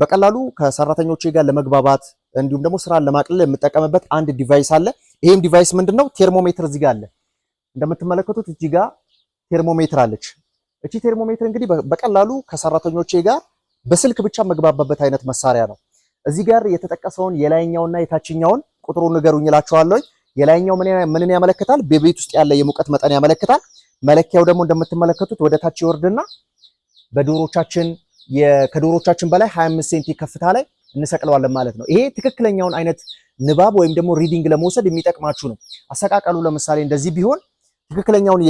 በቀላሉ ከሰራተኞች ጋር ለመግባባት እንዲሁም ደግሞ ስራን ለማቅለል የምጠቀምበት አንድ ዲቫይስ አለ። ይሄም ዲቫይስ ምንድነው? ቴርሞሜትር እዚህ ጋር አለ። እንደምትመለከቱት እዚህ ጋር ቴርሞሜትር አለች። እቺ ቴርሞሜትር እንግዲህ በቀላሉ ከሰራተኞች ጋር በስልክ ብቻ መግባባበት አይነት መሳሪያ ነው። እዚህ ጋር የተጠቀሰውን የላይኛውና የታችኛውን ቁጥሩ ንገሩኝ እላችኋለሁ። የላይኛው ምንን ያመለክታል? በቤት ውስጥ ያለ የሙቀት መጠን ያመለክታል። መለኪያው ደግሞ እንደምትመለከቱት ወደ ታች ይወርድና በዶሮቻችን ከዶሮቻችን በላይ 25 ሴንቲ ከፍታ ላይ እንሰቅለዋለን ማለት ነው። ይሄ ትክክለኛውን አይነት ንባብ ወይም ደግሞ ሪዲንግ ለመውሰድ የሚጠቅማችሁ ነው። አሰቃቀሉ ለምሳሌ እንደዚህ ቢሆን ትክክለኛውን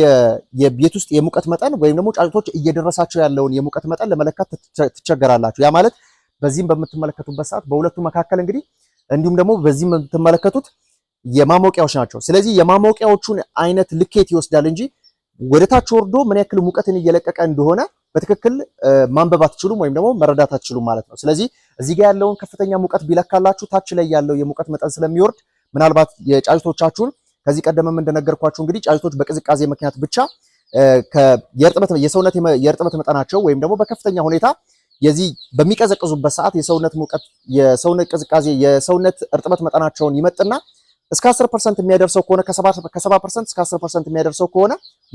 የቤት ውስጥ የሙቀት መጠን ወይም ደግሞ ጫጩቶች እየደረሳቸው ያለውን የሙቀት መጠን ለመለካት ትቸገራላችሁ። ያ ማለት በዚህም በምትመለከቱበት ሰዓት በሁለቱ መካከል እንግዲህ እንዲሁም ደግሞ በዚህም የምትመለከቱት የማሞቂያዎች ናቸው። ስለዚህ የማሞቂያዎቹን አይነት ልኬት ይወስዳል እንጂ ወደታች ወርዶ ምን ያክል ሙቀትን እየለቀቀ እንደሆነ በትክክል ማንበብ አትችሉም ወይም ደግሞ መረዳት አትችሉም ማለት ነው። ስለዚህ እዚህ ጋር ያለውን ከፍተኛ ሙቀት ቢለካላችሁ ታች ላይ ያለው የሙቀት መጠን ስለሚወርድ ምናልባት የጫጭቶቻችሁን ከዚህ ቀደምም እንደነገርኳችሁ እንግዲህ ጫጭቶች በቅዝቃዜ ምክንያት ብቻ የሰውነት የእርጥበት መጠናቸው ወይም ደግሞ በከፍተኛ ሁኔታ የዚህ በሚቀዘቅዙበት ሰዓት የሰውነት ሙቀት የሰውነት ቅዝቃዜ የሰውነት እርጥበት መጠናቸውን ይመጥና እስከ 10% የሚያደርሰው ከሆነ ከ70% እስከ 10% የሚያደርሰው ከሆነ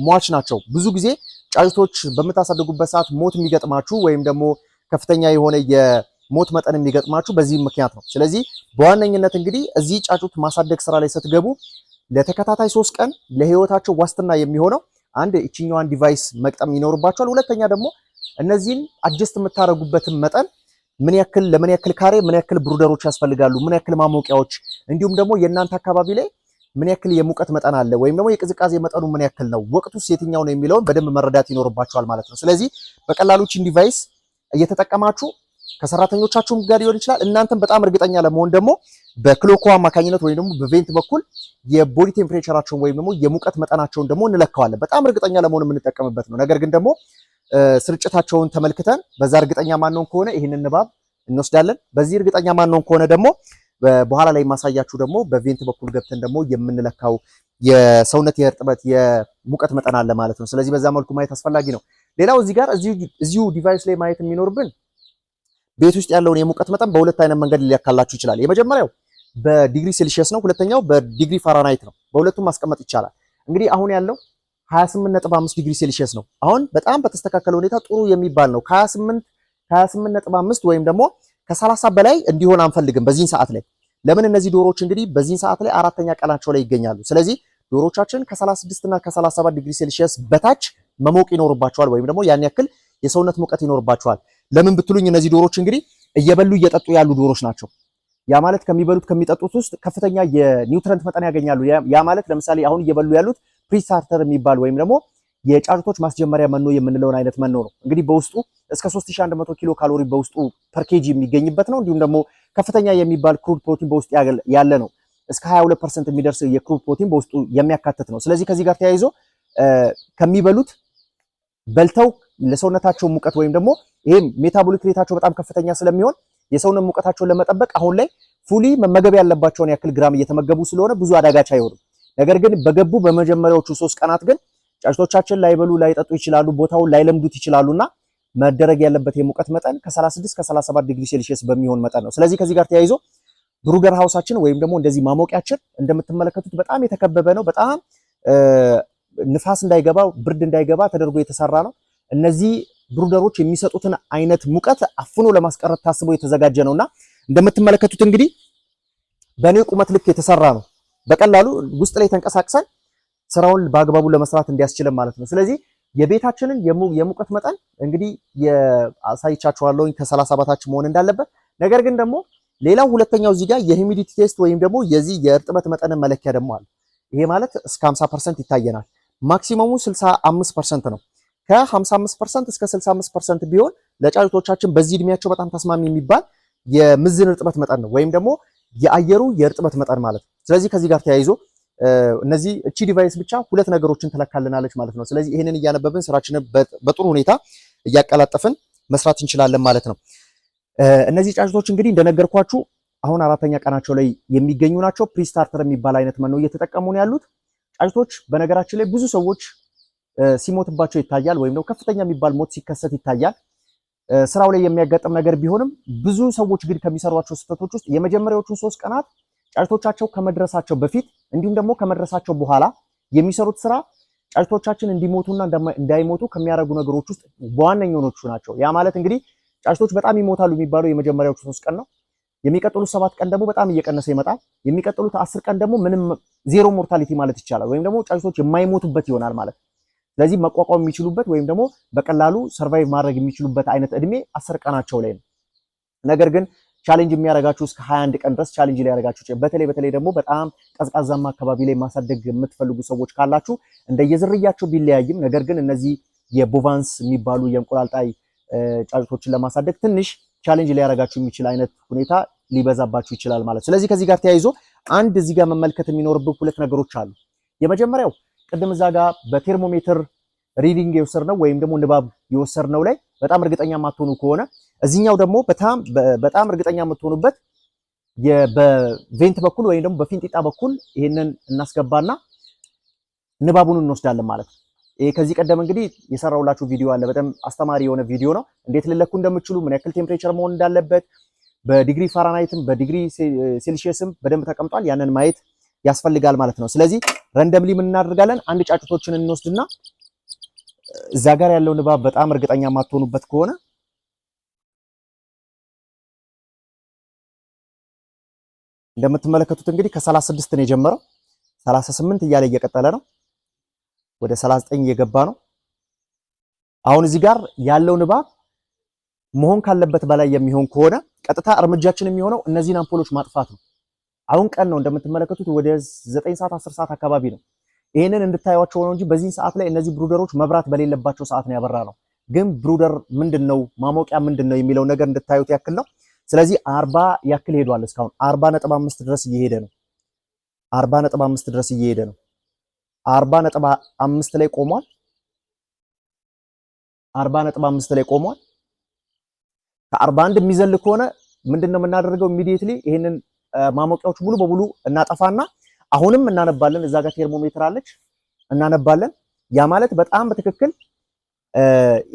ሟች ናቸው። ብዙ ጊዜ ጫጩቶች በምታሳድጉበት ሰዓት ሞት የሚገጥማችሁ ወይም ደግሞ ከፍተኛ የሆነ የሞት መጠን የሚገጥማችሁ በዚህ ምክንያት ነው። ስለዚህ በዋነኝነት እንግዲህ እዚህ ጫጩት ማሳደግ ስራ ላይ ስትገቡ ለተከታታይ ሶስት ቀን ለህይወታቸው ዋስትና የሚሆነው አንድ እችኛዋን ዲቫይስ መቅጠም ይኖርባቸዋል። ሁለተኛ ደግሞ እነዚህን አጀስት የምታደርጉበትን መጠን ምን ያክል ለምን ያክል ካሬ ምን ያክል ብሩደሮች ያስፈልጋሉ፣ ምን ያክል ማሞቂያዎች፣ እንዲሁም ደግሞ የእናንተ አካባቢ ላይ ምን ያክል የሙቀት መጠን አለ ወይም ደግሞ የቅዝቃዜ መጠኑ ምን ያክል ነው፣ ወቅቱ የትኛው ነው የሚለውን በደንብ መረዳት ይኖርባቸዋል ማለት ነው። ስለዚህ በቀላሉችን ዲቫይስ እየተጠቀማችሁ ከሰራተኞቻችሁም ጋር ሊሆን ይችላል። እናንተም በጣም እርግጠኛ ለመሆን ደግሞ በክሎኮ አማካኝነት ወይም ደግሞ በቬንት በኩል የቦዲ ቴምፕሬቸራቸውን ወይም ደግሞ የሙቀት መጠናቸውን ደግሞ እንለካዋለን። በጣም እርግጠኛ ለመሆን የምንጠቀምበት ነው። ነገር ግን ደግሞ ስርጭታቸውን ተመልክተን በዛ እርግጠኛ ማንሆን ከሆነ ይህንን ንባብ እንወስዳለን። በዚህ እርግጠኛ ማንሆን ከሆነ ደግሞ በኋላ ላይ ማሳያችሁ ደግሞ በቬንት በኩል ገብተን ደግሞ የምንለካው የሰውነት የእርጥበት የሙቀት መጠን አለ ማለት ነው። ስለዚህ በዛ መልኩ ማየት አስፈላጊ ነው። ሌላው እዚህ ጋር እዚሁ ዲቫይስ ላይ ማየት የሚኖርብን ቤት ውስጥ ያለውን የሙቀት መጠን በሁለት አይነት መንገድ ሊያካላችሁ ይችላል። የመጀመሪያው በዲግሪ ሴልሺየስ ነው። ሁለተኛው በዲግሪ ፋራናይት ነው። በሁለቱም ማስቀመጥ ይቻላል። እንግዲህ አሁን ያለው 28.5 ዲግሪ ሴልሺየስ ነው። አሁን በጣም በተስተካከለ ሁኔታ ጥሩ የሚባል ነው። ከ28 28.5 ወይም ደግሞ ከ30 በላይ እንዲሆን አንፈልግም በዚህን ሰዓት ላይ ለምን እነዚህ ዶሮዎች እንግዲህ በዚህን ሰዓት ላይ አራተኛ ቀናቸው ላይ ይገኛሉ። ስለዚህ ዶሮቻችን ከ36 እና ከ37 ዲግሪ ሴልሺየስ በታች መሞቅ ይኖርባቸዋል፣ ወይም ደግሞ ያን ያክል የሰውነት ሙቀት ይኖርባቸዋል። ለምን ብትሉኝ እነዚህ ዶሮዎች እንግዲህ እየበሉ እየጠጡ ያሉ ዶሮች ናቸው። ያ ማለት ከሚበሉት ከሚጠጡት ውስጥ ከፍተኛ የኒውትረንት መጠን ያገኛሉ። ያ ማለት ለምሳሌ አሁን እየበሉ ያሉት ፕሪሳርተር የሚባል ወይም ደግሞ የጫጩቶች ማስጀመሪያ መኖ የምንለውን አይነት መኖ ነው። እንግዲህ በውስጡ እስከ 3100 ኪሎ ካሎሪ በውስጡ ፐር ኬጂ የሚገኝበት ነው። እንዲሁም ደግሞ ከፍተኛ የሚባል ክሩድ ፕሮቲን በውስጡ ያለ ነው። እስከ 22% የሚደርስ የክሩድ ፕሮቲን በውስጡ የሚያካትት ነው። ስለዚህ ከዚህ ጋር ተያይዞ ከሚበሉት በልተው ለሰውነታቸው ሙቀት ወይም ደግሞ ይሄም ሜታቦሊክ ሬታቸው በጣም ከፍተኛ ስለሚሆን የሰውነት ሙቀታቸውን ለመጠበቅ አሁን ላይ ፉሊ መመገብ ያለባቸውን ያክል ግራም እየተመገቡ ስለሆነ ብዙ አዳጋች አይሆንም። ነገር ግን በገቡ በመጀመሪያዎቹ ሶስት ቀናት ግን ጫጭቶቻችን ላይበሉ ላይጠጡ ይችላሉ፣ ቦታውን ላይለምዱት ይችላሉና መደረግ ያለበት የሙቀት መጠን ከ36 ከ37 ዲግሪ ሴልሺየስ በሚሆን መጠን ነው። ስለዚህ ከዚህ ጋር ተያይዞ ብሩገር ሃውሳችን ወይም ደግሞ እንደዚህ ማሞቂያችን እንደምትመለከቱት በጣም የተከበበ ነው። በጣም ንፋስ እንዳይገባ ብርድ እንዳይገባ ተደርጎ የተሰራ ነው። እነዚህ ብሩደሮች የሚሰጡትን አይነት ሙቀት አፍኖ ለማስቀረት ታስቦ የተዘጋጀ ነውና እንደምትመለከቱት እንግዲህ በእኔ ቁመት ልክ የተሰራ ነው። በቀላሉ ውስጥ ላይ ተንቀሳቅሰን ስራውን በአግባቡ ለመስራት እንዲያስችለን ማለት ነው። ስለዚህ የቤታችንን የሙቀት መጠን እንግዲህ አሳይቻችኋለሁኝ ከሰላሳ በታች መሆን እንዳለበት። ነገር ግን ደግሞ ሌላው ሁለተኛው እዚህ ጋር የሂሚዲቲ ቴስት ወይም ደግሞ የዚህ የእርጥበት መጠንን መለኪያ ደግሞ አለ። ይሄ ማለት እስከ 50% ይታየናል። ማክሲመሙ 65% ነው። ከ55% እስከ 65% ቢሆን ለጫጩቶቻችን በዚህ እድሜያቸው በጣም ተስማሚ የሚባል የምዝን እርጥበት መጠን ነው ወይም ደግሞ የአየሩ የእርጥበት መጠን ማለት ነው። ስለዚህ ከዚህ ጋር ተያይዞ እነዚህ እቺ ዲቫይስ ብቻ ሁለት ነገሮችን ትለካልናለች ማለት ነው። ስለዚህ ይህንን እያነበብን ስራችንን በጥሩ ሁኔታ እያቀላጠፍን መስራት እንችላለን ማለት ነው። እነዚህ ጫጭቶች እንግዲህ እንደነገርኳችሁ አሁን አራተኛ ቀናቸው ላይ የሚገኙ ናቸው። ፕሪስታርተር የሚባል አይነት መኖ እየተጠቀሙ ነው ያሉት ጫጭቶች። በነገራችን ላይ ብዙ ሰዎች ሲሞትባቸው ይታያል፣ ወይም ደግሞ ከፍተኛ የሚባል ሞት ሲከሰት ይታያል። ስራው ላይ የሚያጋጥም ነገር ቢሆንም ብዙ ሰዎች ግን ከሚሰሯቸው ስህተቶች ውስጥ የመጀመሪያዎቹን ሶስት ቀናት ጫጭቶቻቸው ከመድረሳቸው በፊት እንዲሁም ደግሞ ከመድረሳቸው በኋላ የሚሰሩት ስራ ጫጭቶቻችን እንዲሞቱና እንዳይሞቱ ከሚያደርጉ ነገሮች ውስጥ በዋነኞቹ ናቸው። ያ ማለት እንግዲህ ጫጭቶች በጣም ይሞታሉ የሚባለው የመጀመሪያዎቹ ሶስት ቀን ነው። የሚቀጥሉት ሰባት ቀን ደግሞ በጣም እየቀነሰ ይመጣል። የሚቀጥሉት አስር ቀን ደግሞ ምንም ዜሮ ሞርታሊቲ ማለት ይቻላል ወይም ደግሞ ጫጭቶች የማይሞቱበት ይሆናል ማለት ነው። ስለዚህ መቋቋም የሚችሉበት ወይም ደግሞ በቀላሉ ሰርቫይቭ ማድረግ የሚችሉበት አይነት እድሜ አስር ቀናቸው ላይ ነው። ነገር ግን ቻሌንጅ የሚያደርጋችሁ እስከ 21 ቀን ድረስ ቻሌንጅ ሊያደርጋችሁ በተለይ በተለይ ደግሞ በጣም ቀዝቃዛማ አካባቢ ላይ ማሳደግ የምትፈልጉ ሰዎች ካላችሁ እንደየዝርያቸው ቢለያይም ነገር ግን እነዚህ የቦቫንስ የሚባሉ የእንቁላልጣይ ጫጩቶችን ለማሳደግ ትንሽ ቻሌንጅ ሊያደርጋችሁ የሚችል አይነት ሁኔታ ሊበዛባችሁ ይችላል ማለት። ስለዚህ ከዚህ ጋር ተያይዞ አንድ እዚህ ጋር መመልከት የሚኖርብን ሁለት ነገሮች አሉ። የመጀመሪያው ቅድም እዛ በቴርሞሜትር ሪዲንግ የወሰድነው ወይም ደግሞ ንባብ የወሰድነው ላይ በጣም እርግጠኛ የማትሆኑ ከሆነ እዚህኛው ደግሞ በጣም እርግጠኛ የምትሆኑበት በቬንት በኩል ወይም ደግሞ በፊንጢጣ በኩል ይሄንን እናስገባና ንባቡን እንወስዳለን ማለት ነው። ይሄ ከዚህ ቀደም እንግዲህ የሰራውላችሁ ቪዲዮ አለ። በጣም አስተማሪ የሆነ ቪዲዮ ነው። እንዴት ልለኩ እንደምችሉ ምን ያክል ቴምፕሬቸር መሆን እንዳለበት በዲግሪ ፋራናይትም በዲግሪ ሴልሺየስም በደንብ ተቀምጧል። ያንን ማየት ያስፈልጋል ማለት ነው። ስለዚህ ረንደምሊ ምን እናደርጋለን? አንድ ጫጩቶችን እንወስድና እዛ ጋር ያለው ንባብ በጣም እርግጠኛ የማትሆኑበት ከሆነ እንደምትመለከቱት እንግዲህ ከ36 ነው የጀመረው። 38 እያለ እየቀጠለ ነው። ወደ 39 እየገባ ነው። አሁን እዚህ ጋር ያለው ንባብ መሆን ካለበት በላይ የሚሆን ከሆነ ቀጥታ እርምጃችን የሚሆነው እነዚህን አምፖሎች ማጥፋት ነው። አሁን ቀን ነው እንደምትመለከቱት ወደ 9 ሰዓት 10 ሰዓት አካባቢ ነው። ይህንን እንድታዩቸው ነው እንጂ በዚህ ሰዓት ላይ እነዚህ ብሩደሮች መብራት በሌለባቸው ሰዓት ነው ያበራ ነው። ግን ብሩደር ምንድነው ማሞቂያ ምንድነው የሚለው ነገር እንድታዩት ያክል ነው። ስለዚህ አርባ ያክል ሄዷል። እስካሁን አርባ ነጥብ አምስት ድረስ እየሄደ ነው። አርባ ነጥብ አምስት ድረስ እየሄደ ነው። አርባ ነጥብ አምስት ላይ ቆሟል። አርባ ነጥብ አምስት ላይ ቆሟል። ከአርባ አንድ የሚዘል ከሆነ ምንድነው የምናደርገው? ኢሚዲየትሊ ይህንን ማሞቂያዎች ሙሉ በሙሉ እናጠፋና አሁንም እናነባለን። እዛ ጋር ቴርሞሜትር አለች፣ እናነባለን። ያ ማለት በጣም በትክክል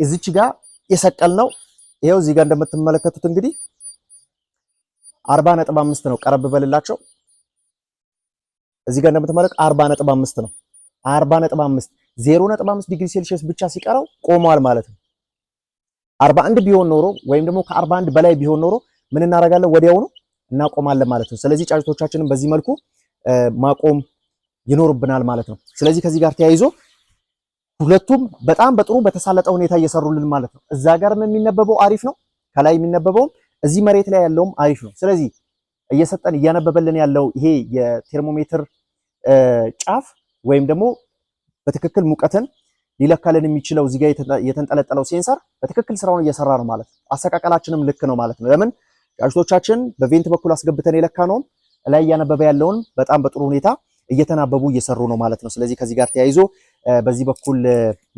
እዚች ጋር የሰቀል ነው። ይሄው እዚህ ጋር እንደምትመለከቱት እንግዲህ አርባ ነጥብ አምስት ነው። ቀረብ በልላቸው እዚህ ጋር እንደምትመለከቱት አርባ ነጥብ አምስት ነው። አርባ ነጥብ አምስት ዜሮ ነጥብ አምስት ዲግሪ ሴልሺየስ ብቻ ሲቀረው ቆመዋል ማለት ነው። አርባ አንድ ቢሆን ኖሮ ወይም ደግሞ ከአርባ አንድ በላይ ቢሆን ኖሮ ምን እናደርጋለን? ወዲያውኑ እናቆማለን ማለት ነው። ስለዚህ ጫጩቶቻችንን በዚህ መልኩ ማቆም ይኖርብናል ማለት ነው። ስለዚህ ከዚህ ጋር ተያይዞ ሁለቱም በጣም በጥሩ በተሳለጠ ሁኔታ እየሰሩልን ማለት ነው። እዛ ጋርም የሚነበበው አሪፍ ነው፣ ከላይ የሚነበበውም እዚህ መሬት ላይ ያለውም አሪፍ ነው። ስለዚህ እየሰጠን እያነበበልን ያለው ይሄ የቴርሞሜትር ጫፍ ወይም ደግሞ በትክክል ሙቀትን ሊለካልን የሚችለው እዚህ ጋር የተንጠለጠለው ሴንሰር በትክክል ስራውን እየሰራ ነው ማለት ነው። አሰቃቀላችንም ልክ ነው ማለት ነው። ለምን ጫጭቶቻችን በቬንት በኩል አስገብተን የለካ ነው ላይ እያነበበ ያለውን በጣም በጥሩ ሁኔታ እየተናበቡ እየሰሩ ነው ማለት ነው። ስለዚህ ከዚህ ጋር ተያይዞ በዚህ በኩል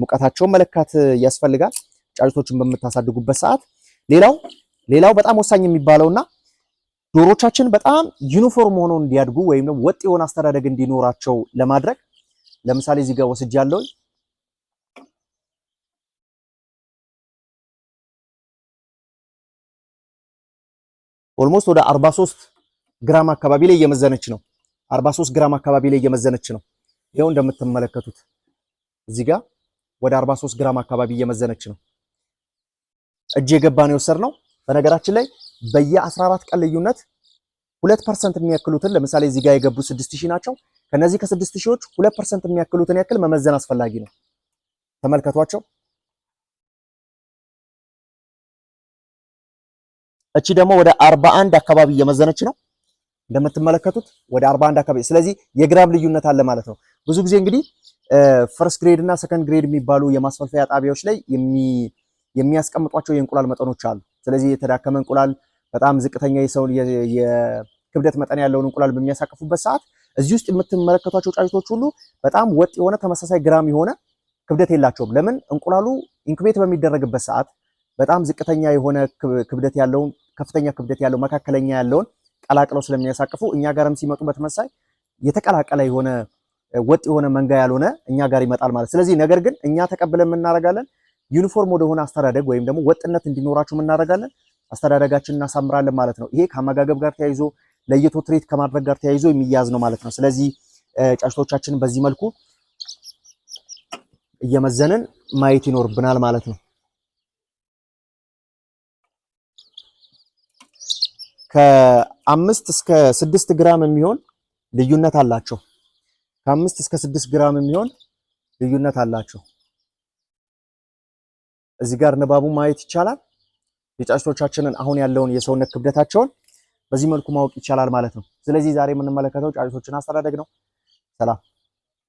ሙቀታቸውን መለካት ያስፈልጋል ጫጭቶችን በምታሳድጉበት ሰዓት። ሌላው ሌላው በጣም ወሳኝ የሚባለውና ዶሮቻችን በጣም ዩኒፎርም ሆኖ እንዲያድጉ ወይም ወጥ የሆነ አስተዳደግ እንዲኖራቸው ለማድረግ ለምሳሌ እዚህ ጋር ወስጃለሁ ኦልሞስት ወደ 43 ግራም አካባቢ ላይ እየመዘነች ነው። 43 ግራም አካባቢ ላይ እየመዘነች ነው። ይሄው እንደምትመለከቱት እዚህ ጋር ወደ 43 ግራም አካባቢ እየመዘነች ነው። እጅ የገባ ነው የወሰድነው። በነገራችን ላይ በየ14 ቀን ልዩነት 2% የሚያክሉትን ለምሳሌ እዚህ ጋር የገቡ 6000 ናቸው። ከነዚህ ከ6000ዎች 2% የሚያክሉትን ያክል መመዘን አስፈላጊ ነው። ተመልከቷቸው። እቺ ደግሞ ወደ 41 አካባቢ እየመዘነች ነው እንደምትመለከቱት ወደ 41 አካባቢ። ስለዚህ የግራም ልዩነት አለ ማለት ነው። ብዙ ጊዜ እንግዲህ ፈርስት ግሬድ እና ሰከንድ ግሬድ የሚባሉ የማስፈልፈያ ጣቢያዎች ላይ የሚያስቀምጧቸው የእንቁላል መጠኖች አሉ። ስለዚህ የተዳከመ እንቁላል በጣም ዝቅተኛ የሰው የክብደት መጠን ያለውን እንቁላል በሚያሳቅፉበት ሰዓት እዚህ ውስጥ የምትመለከቷቸው ጫጩቶች ሁሉ በጣም ወጥ የሆነ ተመሳሳይ ግራም የሆነ ክብደት የላቸውም። ለምን? እንቁላሉ ኢንኩቤት በሚደረግበት ሰዓት በጣም ዝቅተኛ የሆነ ክብደት ያለውን ከፍተኛ ክብደት ያለው መካከለኛ ያለውን ቀላቅለው ስለሚያሳቅፉ እኛ ጋርም ሲመጡ በተመሳይ የተቀላቀለ የሆነ ወጥ የሆነ መንጋ ያልሆነ እኛ ጋር ይመጣል ማለት። ስለዚህ ነገር ግን እኛ ተቀብለን የምናደርጋለን፣ ዩኒፎርም ወደሆነ አስተዳደግ ወይም ደግሞ ወጥነት እንዲኖራችሁ የምናደርጋለን፣ አስተዳደጋችን እናሳምራለን ማለት ነው። ይሄ ከአመጋገብ ጋር ተያይዞ ለየቶ ትሬት ከማድረግ ጋር ተያይዞ የሚያዝ ነው ማለት ነው። ስለዚህ ጫጭቶቻችንን በዚህ መልኩ እየመዘንን ማየት ይኖርብናል ማለት ነው። ከአምስት እስከ ስድስት ግራም የሚሆን ልዩነት አላቸው። ከአምስት እስከ ስድስት ግራም የሚሆን ልዩነት አላቸው። እዚህ ጋር ንባቡ ማየት ይቻላል። የጫጭቶቻችንን አሁን ያለውን የሰውነት ክብደታቸውን በዚህ መልኩ ማወቅ ይቻላል ማለት ነው። ስለዚህ ዛሬ የምንመለከተው ጫጭቶችን አስተዳደግ ነው። ሰላም